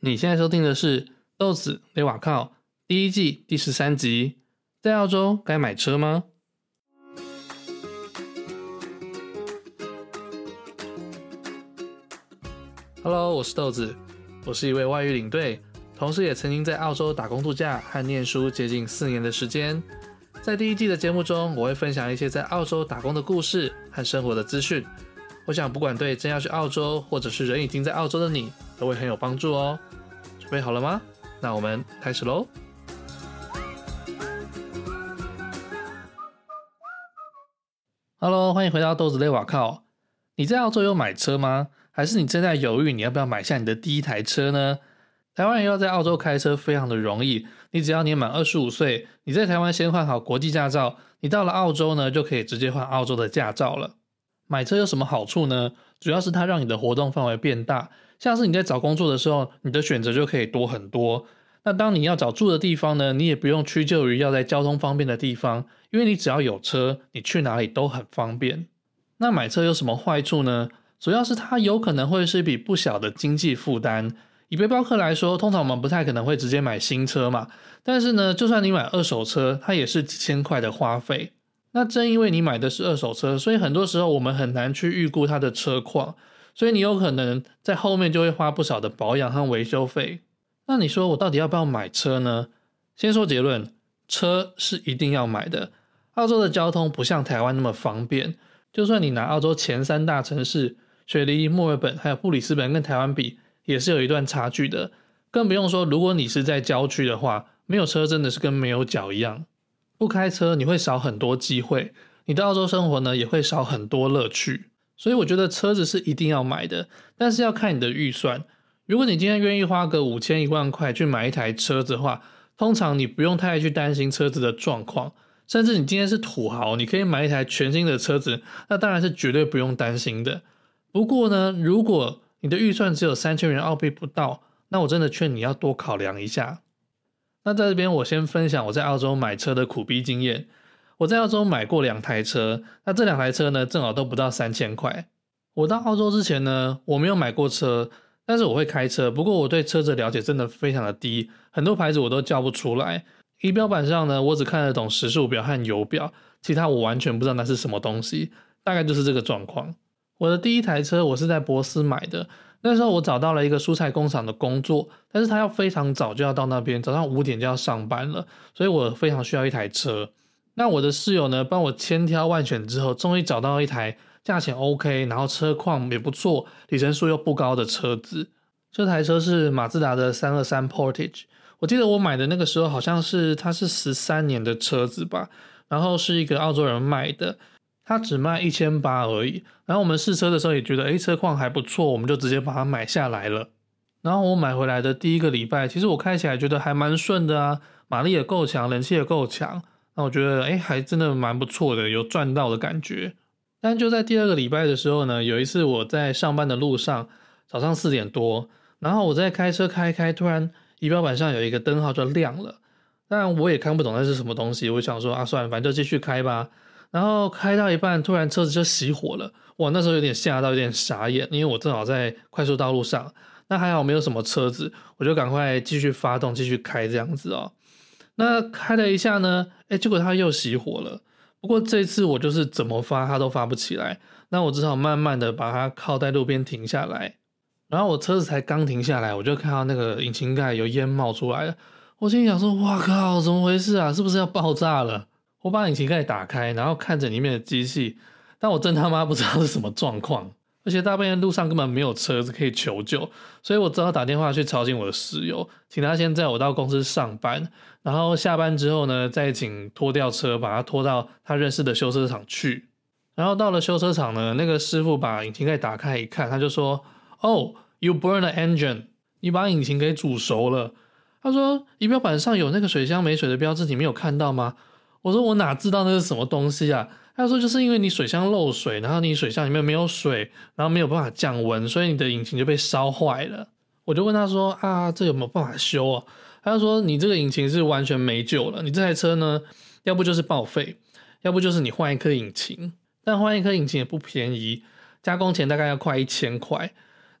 你現在收聽的是《豆子雷瓦靠》第一季第十三集，在澳洲該買車嗎？Hello，我是豆子，我是一位外語領隊，同時也曾經在澳洲打工度假和念書接近四年的時間。在第一季的節目中，我會分享一些在澳洲打工的故事和生活的資訊。我想，不管對正要去澳洲，或者是人已經在澳洲的你，都會很有幫助哦。準備好了嗎？那我們開始嘍。Hello，歡迎回到豆子類瓦靠。你在澳洲有買車嗎？還是你正在猶豫你要不要買下你的第一台車呢？台灣人要在澳洲開車非常的容易，你只要年滿二十五歲，你在台灣先換好國際駕照，你到了澳洲呢，就可以直接換澳洲的駕照了。買車有什麼好處呢？主要是它讓你的活動範圍變大，像是你在找工作的時候，你的選擇就可以多很多。那當你要找住的地方呢，你也不用屈就於要在交通方便的地方，因為你只要有車，你去哪裡都很方便。那買車有什麼壞處呢？主要是它有可能會是一筆不小的經濟負擔。以背包客來說，通常我們不太可能會直接買新車嘛，但是呢，就算你買二手車，它也是幾千塊的花費。那正因為你買的是二手車，所以很多時候我們很難去預估它的車況，所以你有可能在後面就會花不少的保養和維修費。那你說我到底要不要買車呢？先說結論，車是一定要買的。澳洲的交通不像台灣那麼方便，就算你拿澳洲前三大城市雪梨、墨爾本還有布里斯本跟台灣比，也是有一段差距的。更不用說如果你是在郊區的話，沒有車真的是跟沒有腳一樣。不開車你會少很多機會，你到澳洲生活呢也會少很多樂趣，所以我覺得車子是一定要買的，但是要看你的預算。如果你今天願意花個五千一萬塊去買一台車子的話，通常你不用太去擔心車子的狀況，甚至你今天是土豪，你可以買一台全新的車子，那當然是絕對不用擔心的。不過呢，如果你的預算只有三千元澳幣不到，那我真的勸你要多考量一下。那在這邊，我先分享我在澳洲買車的苦逼經驗。我在澳洲買過兩台車，那這兩台車呢，正好都不到三千塊。我到澳洲之前呢，我沒有買過車，但是我會開車，不過我對車子的了解真的非常的低，很多牌子我都叫不出來。儀表板上呢，我只看得懂時速表和油表，其他我完全不知道那是什麼東西，大概就是這個狀況。我的第一台車我是在博斯買的。那時候我找到了一個蔬菜工廠的工作，但是他要非常早就要到那邊，早上五點就要上班了，所以我非常需要一台車。那我的室友呢，幫我千挑萬選之後，終於找到一台價錢 OK，然後車況也不錯，里程數又不高的車子。這台車是馬自達的三二三 Portage，我記得我買的那個時候好像是它是十三年的車子吧，然後是一個澳洲人買的。它只賣一千八而已，然後我們試車的時候也覺得，哎，車況還不錯，我們就直接把它買下來了。然後我買回來的第一個禮拜，其實我開起來覺得還蠻順的啊，馬力也夠強，冷氣也夠強，那我覺得，哎，還真的蠻不錯的，有賺到的感覺。但就在第二個禮拜的時候呢，有一次我在上班的路上，早上四點多，然後我在開車開開，突然儀表板上有一個燈號就亮了，當然我也看不懂那是什麼東西，我想說，啊，算了，反正就繼續開吧。然後開到一半，突然車子就熄火了。哇，那時候有點嚇到，有點傻眼，因為我正好在快速道路上。那還好沒有什麼車子，我就趕快繼續發動，繼續開這樣子哦。那開了一下呢，哎，結果它又熄火了。不過這一次我就是怎麼發它都發不起來，那我只好慢慢的把它靠在路邊停下來。然後我車子才剛停下來，我就看到那個引擎蓋有煙冒出來了。我心裡想說，哇靠，怎麼回事啊？是不是要爆炸了？我把引擎蓋打開，然後看着裡面的機器，但我真他媽不知道是什麼狀況，而且大半夜路上根本沒有車子可以求救，所以我只好打電話去吵醒我的室友，請他先載我到公司上班，然後下班之後呢，再請拖吊車把他拖到他認識的修車廠去。然後到了修車廠呢，那個師傅把引擎蓋打開一看，他就說：“哦，oh, you burn the engine，你把引擎給煮熟了。”他說：“儀表板上有那個水箱沒水的標誌，你沒有看到嗎？”我說我哪知道那是什麼東西啊？他說就是因為你水箱漏水，然後你水箱裡面沒有水，然後沒有辦法降溫，所以你的引擎就被燒壞了。我就問他說啊，這有沒有辦法修啊？他說你這個引擎是完全沒救了，你這台車呢，要不就是報廢，要不就是你換一顆引擎。但換一顆引擎也不便宜，加工錢大概要快一千塊。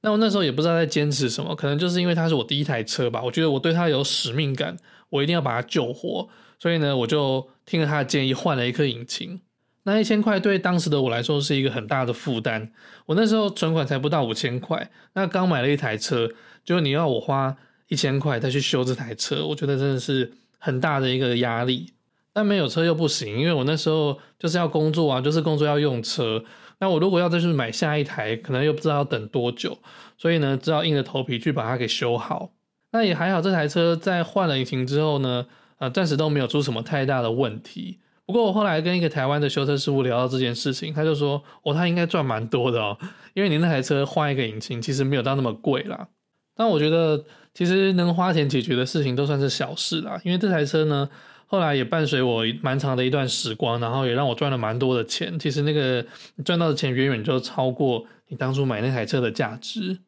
那我那時候也不知道在堅持什麼，可能就是因為它是我第一台車吧，我覺得我對它有使命感，我一定要把它救活，所以呢，我就，聽了他的建議，換了一顆引擎。那一千塊對當時的我來說是一個很大的負擔。我那時候存款才不到五千塊，那剛買了一台車，就你要我花一千塊再去修這台車，我覺得真的是很大的一個壓力。但沒有車又不行，因為我那時候就是要工作啊，就是工作要用車。那我如果要再去買下一台，可能又不知道要等多久。所以呢，只好硬着頭皮去把它給修好。那也還好，這台車在換了引擎之後呢。啊，暫時都沒有出什麼太大的問題。不過我後來跟一個台灣的修車師傅聊到這件事情，他就說：“哦，他應該賺蠻多的哦，因為你那台車換一個引擎其實沒有到那麼貴啦。”但我覺得其實能花錢解決的事情都算是小事啦。因為這台車呢，後來也伴隨我蠻長的一段時光，然後也讓我賺了蠻多的錢。其實那個賺到的錢遠遠就超過你當初買那台車的價值。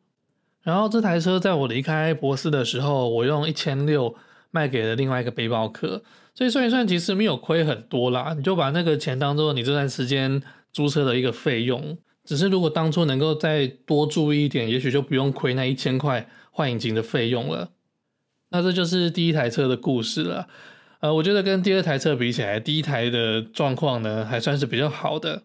然後這台車在我離開博斯的時候，我用一千六賣給了另外一個背包客，所以算一算，其實沒有虧很多啦。你就把那個錢當做你這段時間租車的一個費用。只是如果當初能夠再多注意一點，也許就不用虧那一千塊換引擎的費用了。那這就是第一台車的故事了。呃，我覺得跟第二台車比起來，第一台的狀況呢還算是比較好的。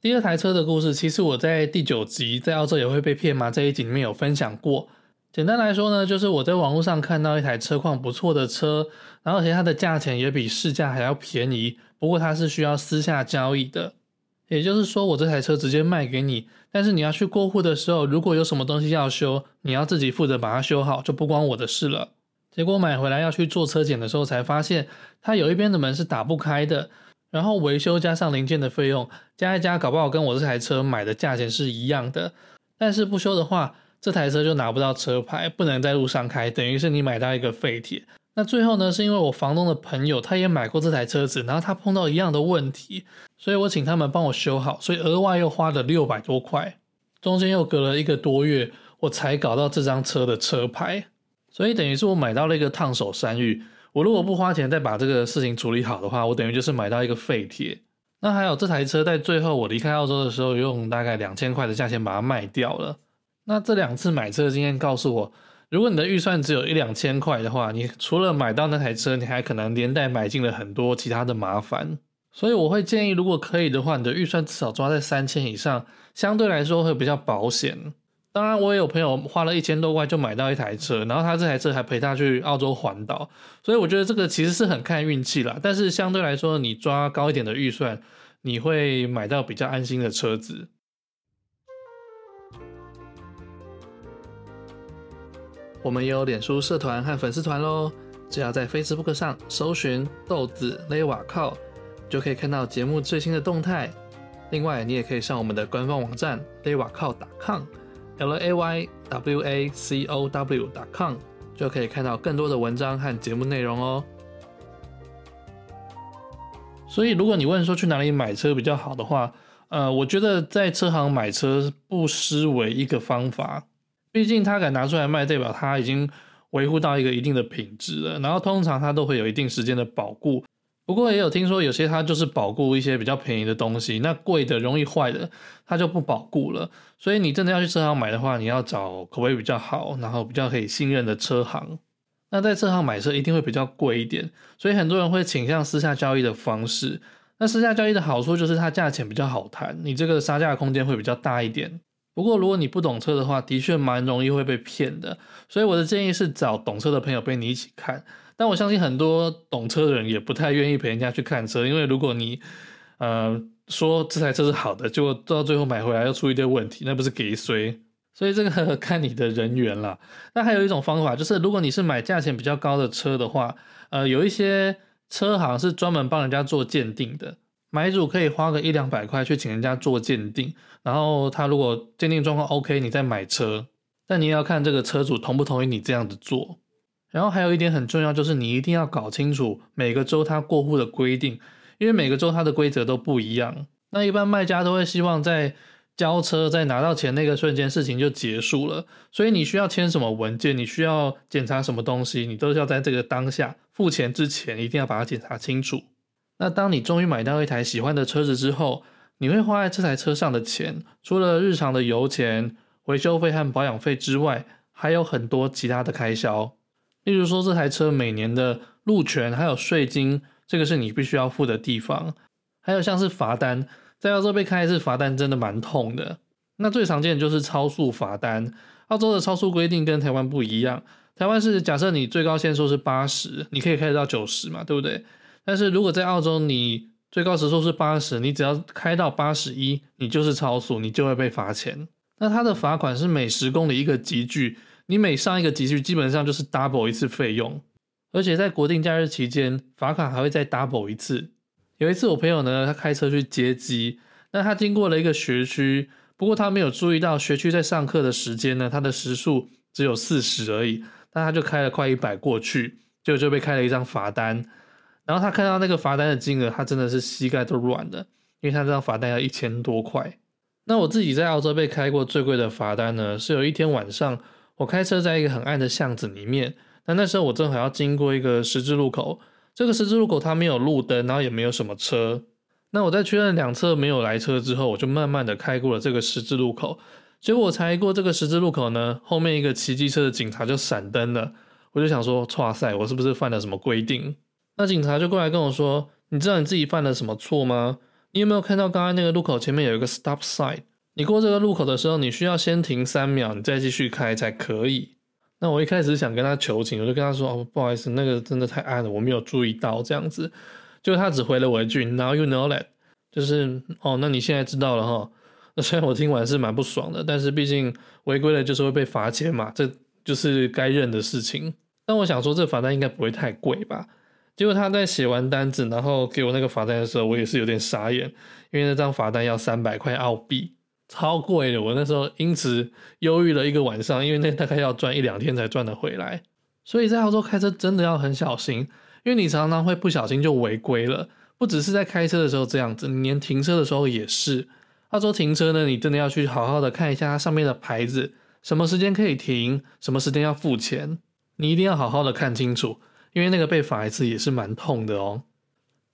第二台車的故事，其實我在第九集，在澳洲也會被騙嗎？這一集裡面有分享過。簡單來說呢，就是我在網絡上看到一台車況不錯的車，然後其實它的價錢也比市價還要便宜，不過它是需要私下交易的，也就是說我這台車直接賣給你，但是你要去過戶的時候，如果有什麼東西要修，你要自己負責把它修好，就不關我的事了。結果買回來要去做車檢的時候才發現，它有一邊的門是打不開的，然後維修加上零件的費用加一加，搞不好跟我這台車買的價錢是一樣的，但是不修的話。這台車就拿不到車牌，不能在路上開，等於是你買到一個廢鐵。那最後呢，是因為我房東的朋友他也買過這台車子，然後他碰到一樣的問題，所以我請他們幫我修好，所以額外又花了六百多塊。中間又隔了一個多月，我才搞到這張車的車牌。所以等於是我買到了一個燙手山芋。我如果不花錢再把這個事情處理好的話，我等於就是買到一個廢鐵。那還有這台車，在最後我離開澳洲的時候，用大概兩千塊的價錢把它賣掉了。那這兩次買車的經驗告訴我，如果你的預算只有一兩千塊的話，你除了買到那台車，你還可能連帶買進了很多其他的麻煩。所以我會建議，如果可以的話，你的預算至少抓在三千以上，相對來說會比較保險。當然，我也有朋友花了一千多塊就買到一台車，然後他這台車還陪他去澳洲環島，所以我覺得這個其實是很看運氣啦，但是相對來說，你抓高一點的預算，你會買到比較安心的車子。我們也有臉書社團和粉絲團嘍，只要在 Facebook 上搜尋豆子 Laywacow 就可以看到節目最新的動態。另外，你也可以上我們的官方網站 laywacow.com，laywacow.com 就可以看到更多的文章和節目內容哦。所以，如果你問說去哪裡買車比較好的話，呃，我覺得在車行買車不失為一個方法。畢竟他敢拿出來賣，代表他已經維護到一個一定的品質了。然後通常他都會有一定時間的保固。不過也有聽說有些他就是保固一些比較便宜的東西，那貴的容易壞的他就不保固了。所以你真的要去車行買的話，你要找口碑比較好，然後比較可以信任的車行。那在車行買車一定會比較貴一點，所以很多人會傾向私下交易的方式。那私下交易的好處就是它價錢比較好談，你這個殺價的空間會比較大一點。不過，如果你不懂車的話，的確蠻容易會被騙的。所以我的建議是找懂車的朋友陪你一起看。但我相信很多懂車的人也不太願意陪人家去看車，因為如果你，呃，說這台車是好的，結果到最後買回來又出一堆問題，那不是給誰？所以這個看你的人員了。那還有一種方法，就是如果你是買價錢比較高的車的話，呃，有一些車行是專門幫人家做鑑定的。買主可以花個一兩百塊去請人家做鑑定，然後他如果鑑定狀況 OK，你再買車。但你也要看這個車主同不同意你這樣子做。然後還有一點很重要，就是你一定要搞清楚每個州它過戶的規定，因為每個州它的規則都不一樣。那一般賣家都會希望在交車、在拿到錢那個瞬間事情就結束了，所以你需要簽什麼文件，你需要檢查什麼東西，你都是要在這個當下付錢之前一定要把它檢查清楚。那當你終於買到一台喜歡的車子之後，你會花在這台車上的錢，除了日常的油錢、維修費和保養費之外，還有很多其他的開銷。例如說，這台車每年的路權還有稅金，這個是你必須要付的地方。還有像是罰單，在澳洲被開一次罰單真的蠻痛的。那最常見的就是超速罰單。澳洲的超速規定跟台灣不一樣，台灣是假設你最高限速是八十，你可以開到九十嘛，對不對？但是如果在澳洲，你最高時速是八十，你只要開到八十一，你就是超速，你就會被罰錢。那他的罰款是每十公里一個級距，你每上一個級距，基本上就是 double 一次費用。而且在國定假日期間，罰款還會再 double 一次。有一次我朋友呢，他開車去接機，那他經過了一個學區，不過他沒有注意到學區在上課的時間呢，他的時速只有四十而已，但他就開了快一百過去，就就被開了一張罰單。然後他看到那個罰單的金額，他真的是膝蓋都軟了，因為他這張罰單要一千多塊。那我自己在澳洲被開過最貴的罰單呢，是有一天晚上我開車在一個很暗的巷子裡面，但那，那時候我正好要經過一個十字路口，這個十字路口它沒有路燈，然後也沒有什麼車。那我在確認兩側沒有來車之後，我就慢慢的開過了這個十字路口。結果我才過這個十字路口呢，後面一個騎機車的警察就閃燈了，我就想說，哇塞，我是不是犯了什麼規定？那警察就過來跟我說：“你知道你自己犯了什麼錯嗎？你有沒有看到剛剛那個路口前面有一個 stop sign？你過這個路口的時候，你需要先停三秒，你再繼續開才可以。”那我一開始想跟他求情，我就跟他說：“哦，不好意思，那個真的太暗了，我沒有注意到。”這樣子，就他只回了我一句：“Now you know that。”就是哦，那你現在知道了哈。那雖然我聽完是蠻不爽的，但是畢竟違規了就是會被罰錢嘛，這就是該認的事情。但我想說，這罰單應該不會太貴吧？結果他在寫完單子，然後給我那個罰單的時候，我也是有點傻眼，因為那張罰單要三百塊澳幣，超貴的。我那時候因此憂鬱了一個晚上，因為那大概要賺一兩天才賺得回來。所以在澳洲開車真的要很小心，因為你常常會不小心就違規了。不只是在開車的時候這樣子，你連停車的時候也是。澳洲停車呢，你真的要去好好的看一下它上面的牌子，什麼時間可以停，什麼時間要付錢，你一定要好好的看清楚。因為那個被罰一次也是蠻痛的哦、喔。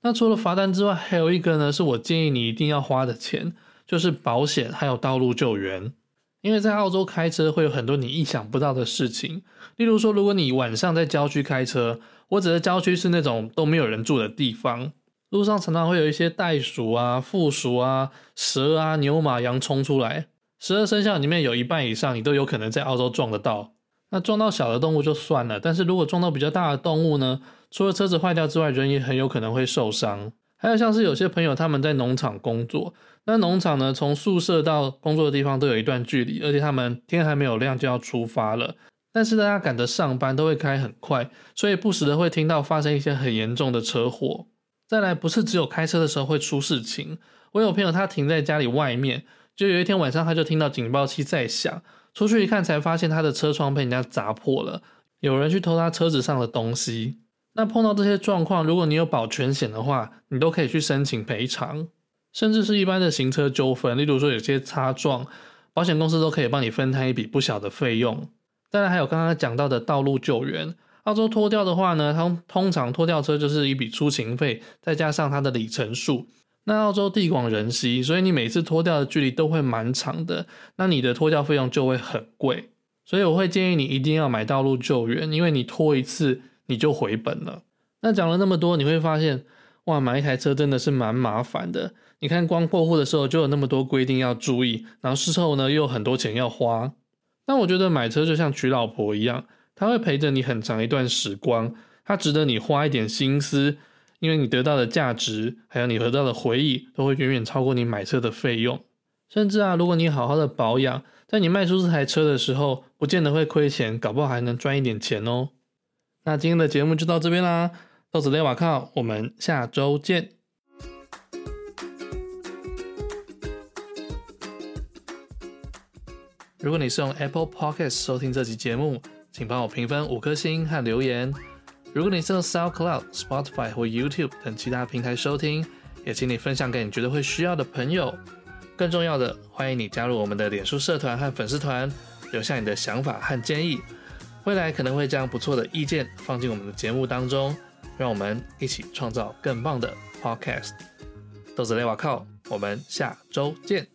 那除了罰單之外，還有一個呢，是我建議你一定要花的錢，就是保險還有道路救援。因為在澳洲開車會有很多你意想不到的事情，例如說，如果你晚上在郊區開車，或者郊區是那種都沒有人住的地方，路上常常會有一些袋鼠啊、負鼠啊、蛇啊、牛、馬、羊衝出來。十二生肖裡面有一半以上，你都有可能在澳洲撞得到。那撞到小的動物就算了，但是如果撞到比較大的動物呢？除了車子壞掉之外，人也很有可能會受傷。還有像是有些朋友他們在農場工作，那農場呢，從宿舍到工作的地方都有一段距離，而且他們天還沒有亮就要出發了。但是大家趕着上班都會開很快，所以不時的會聽到發生一些很嚴重的車禍。再來，不是只有開車的時候會出事情，我有朋友他停在家裡外面，就有一天晚上他就聽到警報器在響。出去一看，才發現他的車窗被人家砸破了，有人去偷他車子上的東西。那碰到這些狀況，如果你有保全險的話，你都可以去申請賠償，甚至是一般的行車糾紛，例如說有些擦撞，保險公司都可以幫你分攤一筆不小的費用。當然還有剛剛講到的道路救援，澳洲拖吊的話呢，它通常拖吊車就是一筆出勤費，再加上它的里程數。那澳洲地廣人稀，所以你每次拖吊的距離都會蠻長的，那你的拖吊費用就會很貴，所以我會建議你一定要買道路救援，因為你拖一次你就回本了。那講了那麼多，你會發現哇，買一台車真的是蠻麻煩的。你看光過戶的時候就有那麼多規定要注意，然後事後呢又有很多錢要花。那我覺得買車就像娶老婆一樣，它會陪着你很長一段時光，它值得你花一點心思。因為你得到的價值，還有你得到的回憶，都會遠遠超過你買車的費用。甚至啊，如果你好好的保養，在你賣出這台車的時候，不見得會虧錢，搞不好還能賺一點錢哦。那今天的節目就到這邊啦，到此累哇靠，我們下周見。如果你是用 Apple Podcast 收聽這期節目，請幫我評分五顆星和留言。如果你是用 SoundCloud Spotify 或 YouTube 等其他平台收聽，也請你分享給你覺得會需要的朋友。更重要的，歡迎你加入我們的臉書社團和粉絲團，留下你的想法和建議。未來可能會將不錯的意見放進我們的節目當中，讓我們一起創造更棒的 Podcast。豆子雷，瓦靠！我們下周見。